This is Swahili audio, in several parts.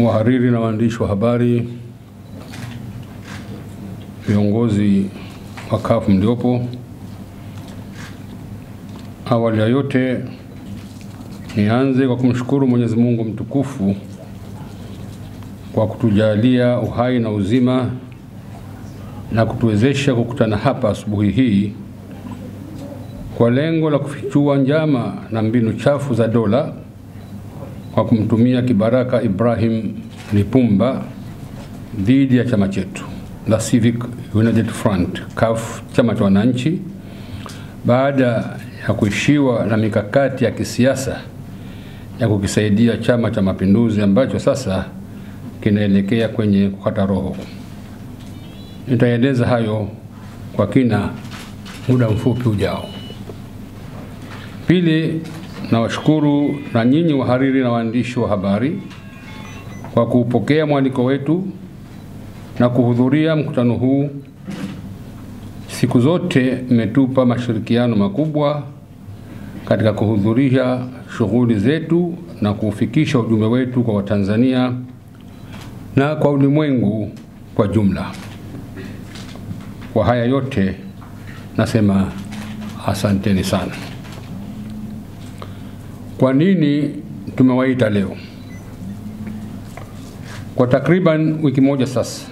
wahariri na waandishi wa habari, viongozi wa CUF mliopo, awali ya yote nianze kwa kumshukuru Mwenyezi Mungu mtukufu kwa kutujalia uhai na uzima na kutuwezesha kukutana hapa asubuhi hii kwa lengo la kufichua njama na mbinu chafu za dola kwa kumtumia kibaraka Ibrahim Lipumba dhidi ya chama chetu la Civic United Front CUF, chama cha wananchi, baada ya kuishiwa na mikakati ya kisiasa ya kukisaidia Chama cha Mapinduzi ambacho sasa kinaelekea kwenye kukata roho. Nitaeleza hayo kwa kina muda mfupi ujao. Pili, Nawashukuru na nyinyi wahariri na waandishi wa habari kwa kuupokea mwaliko wetu na kuhudhuria mkutano huu. Siku zote mmetupa mashirikiano makubwa katika kuhudhuria shughuli zetu na kuufikisha ujumbe wetu kwa Watanzania na kwa ulimwengu kwa jumla. Kwa haya yote nasema asanteni sana. Kwa nini tumewaita leo? Kwa takriban wiki moja sasa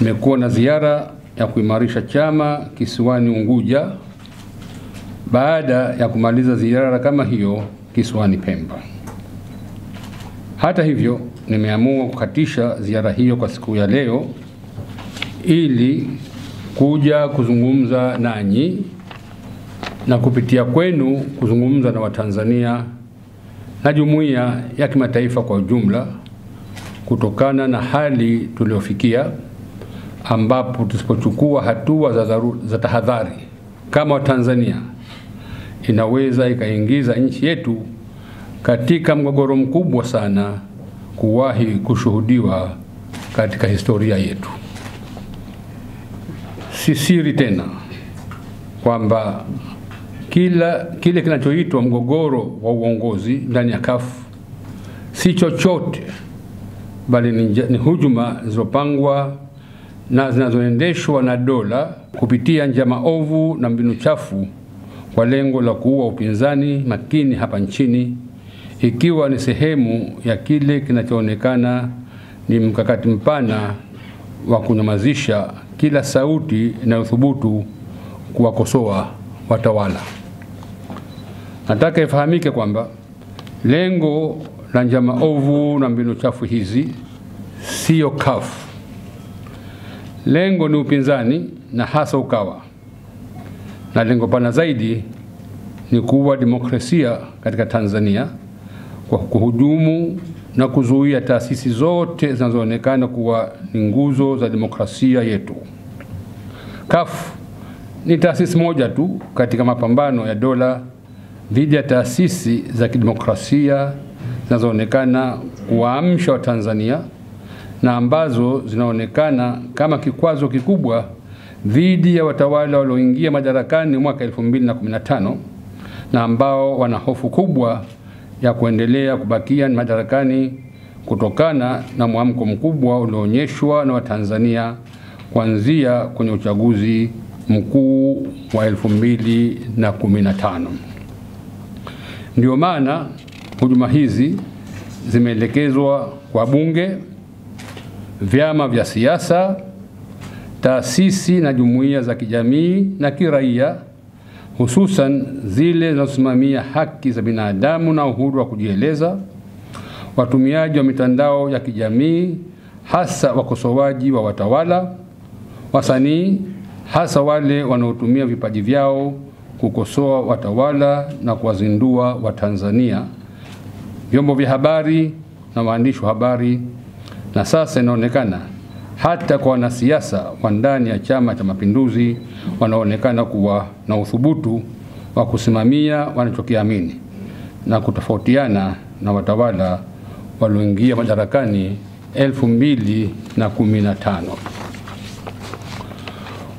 nimekuwa na ziara ya kuimarisha chama kisiwani Unguja baada ya kumaliza ziara kama hiyo kisiwani Pemba. Hata hivyo, nimeamua kukatisha ziara hiyo kwa siku ya leo ili kuja kuzungumza nanyi na kupitia kwenu kuzungumza na Watanzania na jumuiya ya kimataifa kwa ujumla kutokana na hali tuliyofikia, ambapo tusipochukua hatua za, za tahadhari kama Watanzania inaweza ikaingiza nchi yetu katika mgogoro mkubwa sana kuwahi kushuhudiwa katika historia yetu. Si siri tena kwamba kila kile kinachoitwa mgogoro wa uongozi ndani ya kafu si chochote bali ni, ni hujuma zilizopangwa na zinazoendeshwa na dola kupitia njama ovu na mbinu chafu kwa lengo la kuua upinzani makini hapa nchini, ikiwa ni sehemu ya kile kinachoonekana ni mkakati mpana wa kunyamazisha kila sauti inayothubutu kuwakosoa watawala. Nataka ifahamike kwamba lengo la njama ovu na mbinu chafu hizi siyo kafu lengo ni upinzani na hasa Ukawa, na lengo pana zaidi ni kuua demokrasia katika Tanzania kwa kuhujumu na kuzuia taasisi zote zinazoonekana kuwa ni nguzo za demokrasia yetu. kafu ni taasisi moja tu katika mapambano ya dola dhidi ya taasisi za kidemokrasia zinazoonekana kuwaamsha Watanzania na ambazo zinaonekana kama kikwazo kikubwa dhidi ya watawala walioingia madarakani mwaka 2015 na ambao wana hofu kubwa ya kuendelea kubakia madarakani kutokana na mwamko mkubwa ulioonyeshwa na Watanzania kuanzia kwenye uchaguzi mkuu wa 2015. Ndio maana hujuma hizi zimeelekezwa kwa bunge, vyama vya siasa, taasisi na jumuiya za kijamii na kiraia, hususan zile zinazosimamia haki za binadamu na uhuru wa kujieleza, watumiaji wa mitandao ya kijamii, hasa wakosoaji wa watawala, wasanii, hasa wale wanaotumia vipaji vyao kukosoa watawala na kuwazindua Watanzania, vyombo vya habari na waandishi wa habari, na sasa inaonekana hata kwa wanasiasa wa ndani ya Chama cha Mapinduzi wanaonekana kuwa na uthubutu wa kusimamia wanachokiamini na kutofautiana na watawala walioingia madarakani 2015.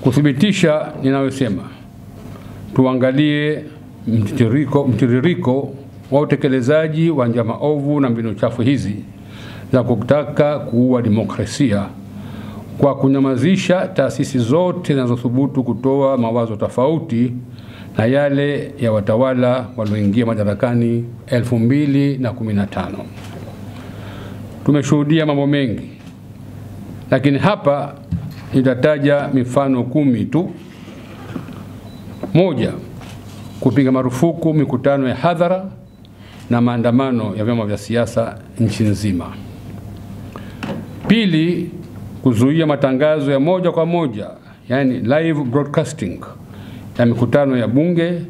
Kuthibitisha ninayosema tuangalie mtiririko, mtiririko wa utekelezaji wa njama ovu na mbinu chafu hizi za kutaka kuua demokrasia kwa kunyamazisha taasisi zote zinazothubutu kutoa mawazo tofauti na yale ya watawala walioingia madarakani 2015. Tumeshuhudia mambo mengi, lakini hapa nitataja mifano kumi tu moja, kupiga marufuku mikutano ya hadhara na maandamano ya vyama vya siasa nchi nzima. Pili, kuzuia matangazo ya moja kwa moja, yani live broadcasting ya mikutano ya bunge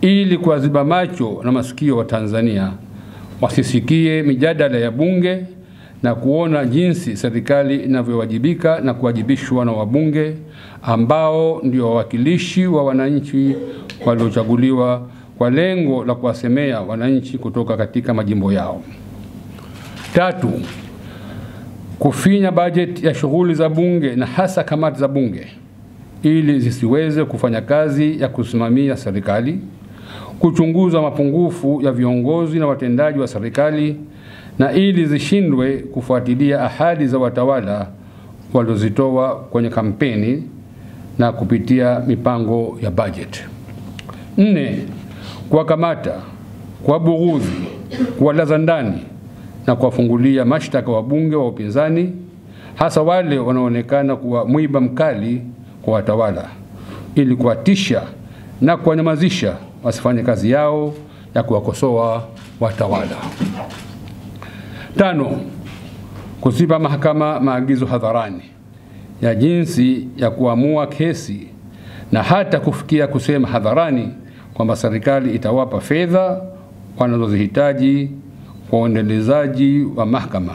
ili kuwaziba macho na masikio wa Tanzania wasisikie mijadala ya bunge na kuona jinsi serikali inavyowajibika na kuwajibishwa na wabunge ambao ndio wawakilishi wa wananchi waliochaguliwa kwa lengo la kuwasemea wananchi kutoka katika majimbo yao. Tatu, kufinya bajeti ya shughuli za bunge na hasa kamati za bunge ili zisiweze kufanya kazi ya kusimamia serikali, kuchunguza mapungufu ya viongozi na watendaji wa serikali na ili zishindwe kufuatilia ahadi za watawala walizozitoa kwenye kampeni na kupitia mipango ya bajeti. Nne, kuwakamata, kuwabughudhi, kuwalaza ndani na kuwafungulia mashtaka wabunge wa upinzani, hasa wale wanaoonekana kuwa mwiba mkali kwa watawala, ili kuwatisha na kuwanyamazisha wasifanye kazi yao ya kuwakosoa watawala. Tano, kuzipa mahakama maagizo hadharani ya jinsi ya kuamua kesi na hata kufikia kusema hadharani kwamba serikali itawapa fedha wanazozihitaji kwa uendelezaji wa mahakama,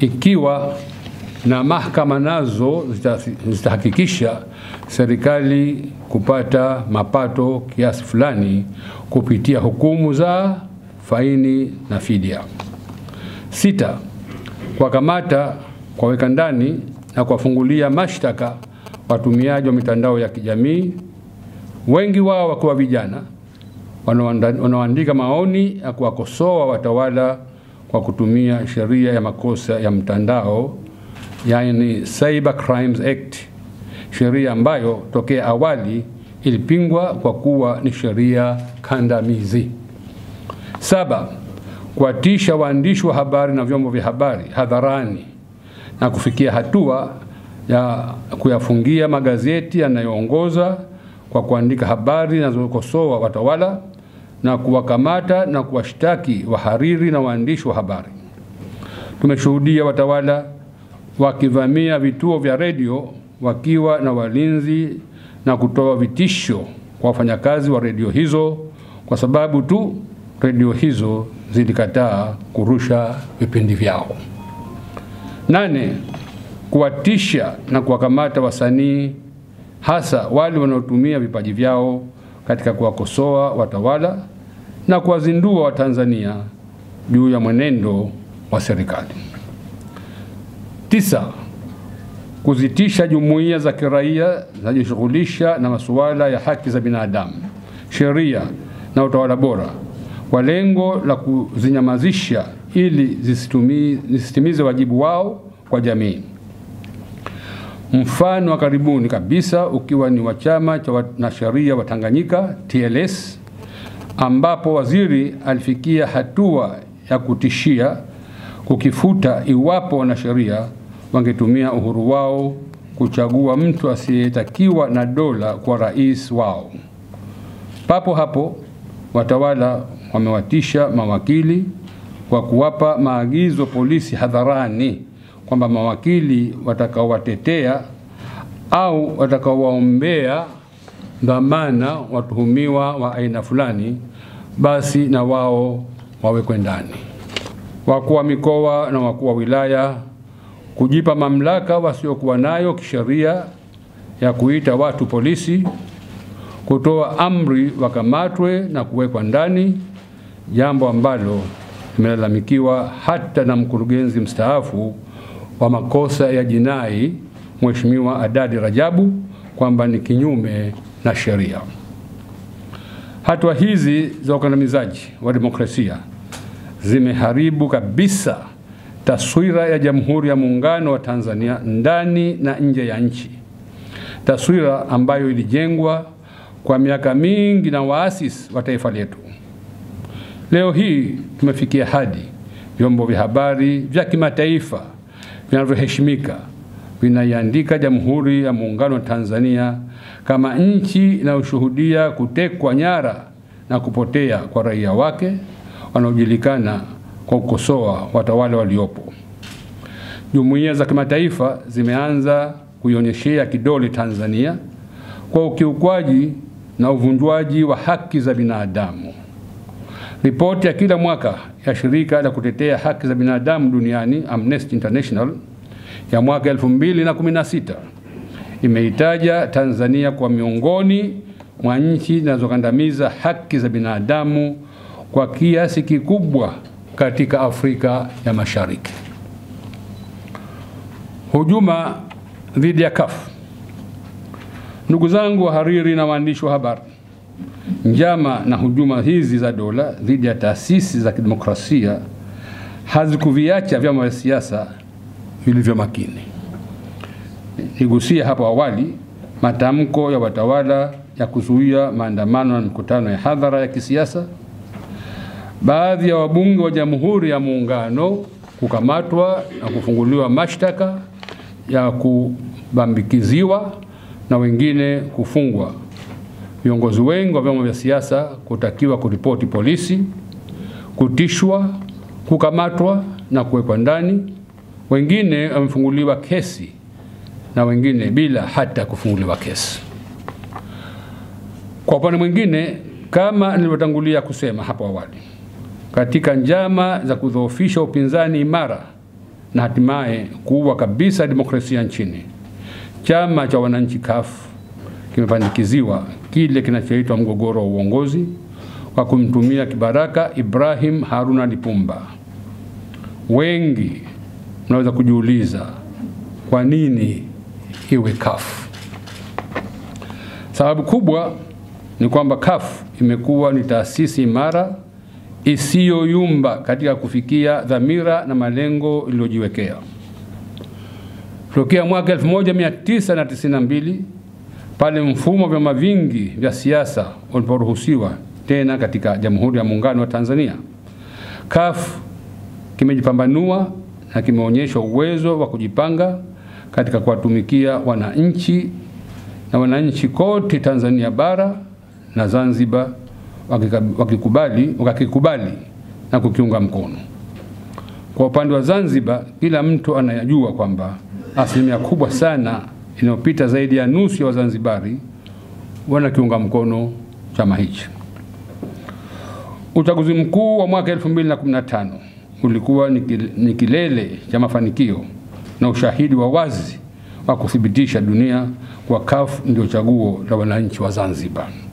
ikiwa na mahakama nazo zitahakikisha serikali kupata mapato kiasi fulani kupitia hukumu za faini na fidia. Sita, kuwakamata, weka ndani na kuwafungulia mashtaka watumiaji wa mitandao ya kijamii, wengi wao wakiwa vijana wanaoandika maoni ya kuwakosoa watawala kwa kutumia sheria ya makosa ya mtandao, yani Cyber Crimes Act, sheria ambayo tokea awali ilipingwa kwa kuwa ni sheria kandamizi. Saba, kuwatisha waandishi wa habari na vyombo vya habari hadharani na kufikia hatua ya kuyafungia magazeti yanayoongoza kwa kuandika habari zinazokosoa watawala na kuwakamata na kuwashtaki wahariri na waandishi wa habari. Tumeshuhudia watawala wakivamia vituo vya redio wakiwa na walinzi na kutoa vitisho kwa wafanyakazi wa redio hizo kwa sababu tu redio hizo zilikataa kurusha vipindi vyao. Nane, kuwatisha na kuwakamata wasanii hasa wale wanaotumia vipaji vyao katika kuwakosoa watawala na kuwazindua Watanzania juu ya mwenendo wa serikali. Tisa, kuzitisha jumuiya za kiraia zinajishughulisha na masuala ya haki za binadamu, sheria na utawala bora kwa lengo la kuzinyamazisha ili zisitimize wajibu wao kwa jamii. Mfano wa karibuni kabisa ukiwa ni wa chama cha wanasheria wa Tanganyika TLS, ambapo waziri alifikia hatua ya kutishia kukifuta iwapo wanasheria wangetumia uhuru wao kuchagua mtu asiyetakiwa na dola kwa rais wao. Papo hapo watawala wamewatisha mawakili kwa kuwapa maagizo polisi hadharani kwamba mawakili watakaowatetea au watakaowaombea dhamana watuhumiwa wa aina fulani, basi na wao wawekwe ndani. Wakuu wa mikoa na wakuu wa wilaya kujipa mamlaka wasiokuwa nayo kisheria ya kuita watu polisi, kutoa amri wakamatwe na kuwekwa ndani jambo ambalo limelalamikiwa hata na mkurugenzi mstaafu wa makosa ya jinai Mheshimiwa Adadi Rajabu kwamba ni kinyume na sheria. Hatua hizi za ukandamizaji wa demokrasia zimeharibu kabisa taswira ya Jamhuri ya Muungano wa Tanzania ndani na nje ya nchi, taswira ambayo ilijengwa kwa miaka mingi na waasisi wa taifa letu. Leo hii tumefikia hadi vyombo vya habari vya kimataifa vinavyoheshimika vinaiandika Jamhuri ya Muungano wa Tanzania kama nchi inayoshuhudia kutekwa nyara na kupotea kwa raia wake wanaojulikana kwa kukosoa watawala waliopo. Jumuiya za kimataifa zimeanza kuionyeshea kidole Tanzania kwa ukiukwaji na uvunjwaji wa haki za binadamu. Ripoti ya kila mwaka ya shirika la kutetea haki za binadamu duniani Amnesty International ya mwaka 2016 imeitaja Tanzania kwa miongoni mwa nchi zinazokandamiza haki za binadamu kwa kiasi kikubwa katika Afrika ya Mashariki. Hujuma dhidi ya kafu Ndugu zangu wahariri na waandishi wa habari, Njama na hujuma hizi za dola dhidi ya taasisi za kidemokrasia hazikuviacha vyama vya siasa vilivyo makini. Nigusia hapo awali matamko ya watawala ya kuzuia maandamano na mikutano ya hadhara ya kisiasa, baadhi ya wabunge wa Jamhuri ya Muungano kukamatwa na kufunguliwa mashtaka ya kubambikiziwa na wengine kufungwa viongozi wengi wa vyama vya siasa kutakiwa kuripoti polisi, kutishwa, kukamatwa na kuwekwa ndani. Wengine wamefunguliwa kesi na wengine bila hata kufunguliwa kesi. Kwa upande mwingine, kama nilivyotangulia kusema hapo awali, katika njama za kudhoofisha upinzani imara na hatimaye kuua kabisa demokrasia nchini, chama cha wananchi kafu kimefanikiziwa kile kinachoitwa mgogoro wa uongozi kwa kumtumia kibaraka Ibrahim Haruna Lipumba. Wengi mnaweza kujiuliza kwa nini iwe kafu Sababu kubwa ni kwamba kafu imekuwa ni taasisi imara isiyoyumba katika kufikia dhamira na malengo iliyojiwekea. Tokea mwaka 1992 pale mfumo wa vyama vingi vya siasa uliporuhusiwa tena katika Jamhuri ya Muungano wa Tanzania. CUF kimejipambanua na kimeonyesha uwezo wa kujipanga katika kuwatumikia wananchi na wananchi kote Tanzania bara na Zanzibar wakikubali, wakikubali na kukiunga mkono. Kwa upande wa Zanzibar, kila mtu anayajua kwamba asilimia kubwa sana inayopita zaidi ya nusu ya Wazanzibari wanakiunga mkono chama hichi. Uchaguzi mkuu wa mwaka 2015 ulikuwa ni kilele cha mafanikio na ushahidi wa wazi wa kuthibitisha dunia kwa CUF ndio chaguo la wananchi wa Zanzibar.